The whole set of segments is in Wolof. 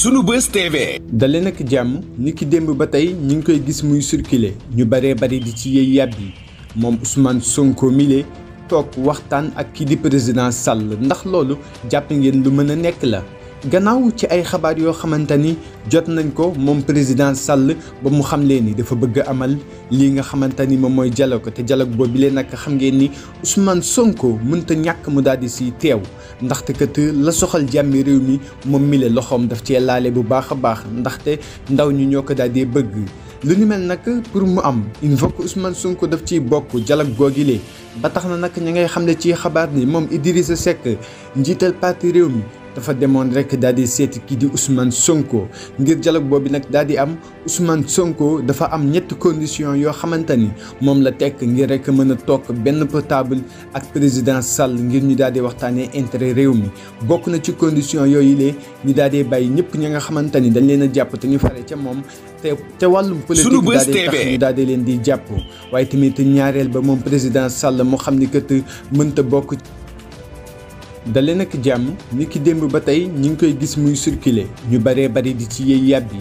sunu bës TV. daleen ak jàmm ni ki démb ba tey ñu ngi koy gis muy circuler ñu baree bari di ci yey yàbb yi moom Ousmane Sonko mile toog waxtaan ak kii di président Sall ndax loolu jàpp ngeen lu mën a nekk la. gannaaw ci ay xabaar yoo xamante ni jot nañ ko moom président Sall ba mu xam leen ni dafa bëgg amal lii nga xamante ni moom mooy dialogue te dialogue boobu leen nag xam ngeen ni Ousmane Sonko mënta ñàkk mu daal di si teew ndaxte kat la soxal jàmmi réew mi moom mi le loxoom daf cee laale bu baax a baax ndaxte ndaw ñi ñoo ko daal bëgg. lu ni mel nag pour mu am il faut que Ousmane Sonko daf ciy bokk dialogue googile ba tax na nag ñu ngay xam ne ci xabaar ni moom Idrissa Seck njiital parti réew mi. dafa demoon rek daal di seeti kii di Ousmane Sonko ngir dialogue boobu nag daal di am Ousmane Sonko dafa am ñetti condition yoo xamante ni moom la tekk ngir rek mën a took benn portable ak président Sall ngir ñu daal di waxtaanee intérêt réew mi bokk na ci condition yooyu lee ñu daal di bàyyi ñëpp ñi nga xamante ni dañ leen a jàpp te ñu fare ca moom te te wàllum politique daal di tax ñu daal di leen di jàpp waaye tamit ñaareel ba moom président Sall moo xam ni kët mënta bokk dale nag jàmm ni ki démb ba tey ñu ngi koy gis muy circuler ñu baree bari di ci yey yàbb yi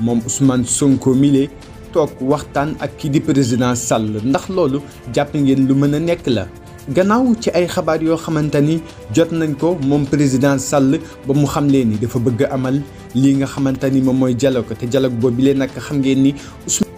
moom Ousmane Sonko mile toog waxtaan ak kii di président Sall ndax loolu jàpp ngeen lu mën a nekk la gannaaw ci ay xabaar yoo xamante ni jot nañ ko moom président Sall ba mu xam xamle ni dafa bëgg amal lii nga xamante ni moom mooy dialogue te dialogue boobu leen nag xam ngeen nii Ousmane